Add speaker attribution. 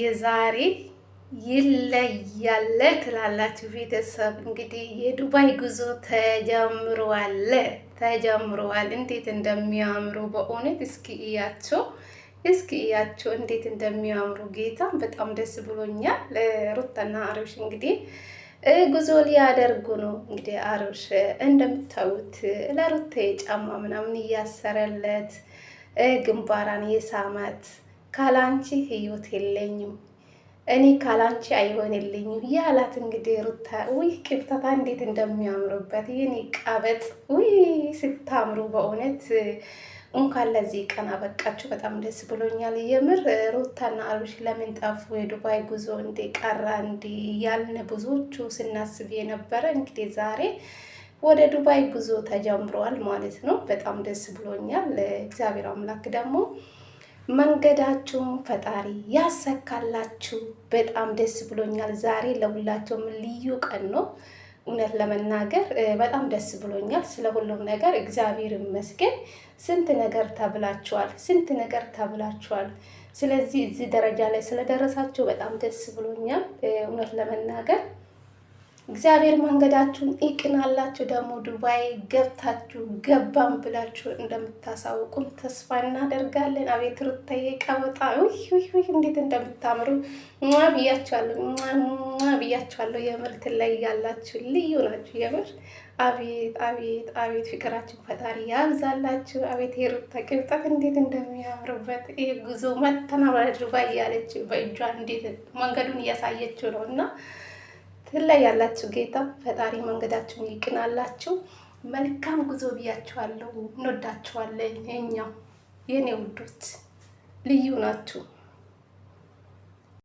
Speaker 1: የዛሬ ይለያለ ትላላችሁ ቤተሰብ። እንግዲህ የዱባይ ጉዞ ተጀምሯል ተጀምሯል። እንዴት እንደሚያምሩ በእውነት እስኪ እያቸው እስኪ እያቸው እንዴት እንደሚያምሩ ጌታ፣ በጣም ደስ ብሎኛል። ሩታና አብርሽ እንግዲህ ጉዞ ሊያደርጉ ነው። እንግዲህ አብርሽ እንደምታዩት ለሩታ ጫማ ምናምን እያሰረለት ግንባራን የሳማት ካላንቺ ህይወት የለኝም እኔ ካላንቺ አይሆንልኝም ያላት እንግዲህ ሩታ ውይ ቅብታታ እንዴት እንደሚያምሩበት የኔ ቀበጥ ውይ ስታምሩ በእውነት እንኳን ለዚህ ቀን አበቃችሁ በጣም ደስ ብሎኛል የምር ሩታና አብርሽ ለምን ጠፉ የዱባይ ጉዞ እንዴ ቀራ እንዴ ያልን ብዙዎቹ ስናስብ የነበረ እንግዲህ ዛሬ ወደ ዱባይ ጉዞ ተጀምሯል ማለት ነው በጣም ደስ ብሎኛል እግዚአብሔር አምላክ ደግሞ መንገዳችሁን ፈጣሪ ያሰካላችሁ። በጣም ደስ ብሎኛል። ዛሬ ለሁላቸውም ልዩ ቀን ነው። እውነት ለመናገር በጣም ደስ ብሎኛል። ስለ ሁሉም ነገር እግዚአብሔር ይመስገን። ስንት ነገር ተብላችኋል፣ ስንት ነገር ተብላችኋል። ስለዚህ እዚህ ደረጃ ላይ ስለደረሳችሁ በጣም ደስ ብሎኛል እውነት ለመናገር እግዚአብሔር መንገዳችሁን ይቅናላችሁ። ደግሞ ዱባይ ገብታችሁ ገባም ብላችሁ እንደምታሳውቁን ተስፋ እናደርጋለን። አቤት ሩታዬ ቀበጣ እንዴት እንደምታምሩ ብያችኋለሁ፣ ብያችኋለሁ። የምርት ላይ ያላችሁ ልዩ ናችሁ። የምር አቤት አቤት አቤት ፍቅራችሁ ፈጣሪ ያብዛላችሁ። አቤት የሩታ ቅብጠት እንዴት እንደሚያምርበት ይህ ጉዞ መተናበረ ዱባይ እያለች በእጇ እንዴት መንገዱን እያሳየችው ነው እና ትለያላችሁ። ጌታ ፈጣሪ መንገዳችሁን ይቅናላችሁ። መልካም ጉዞ ብያችኋለሁ። እንወዳችኋለን። የኛው የኔ ውዶች ልዩ ናችሁ።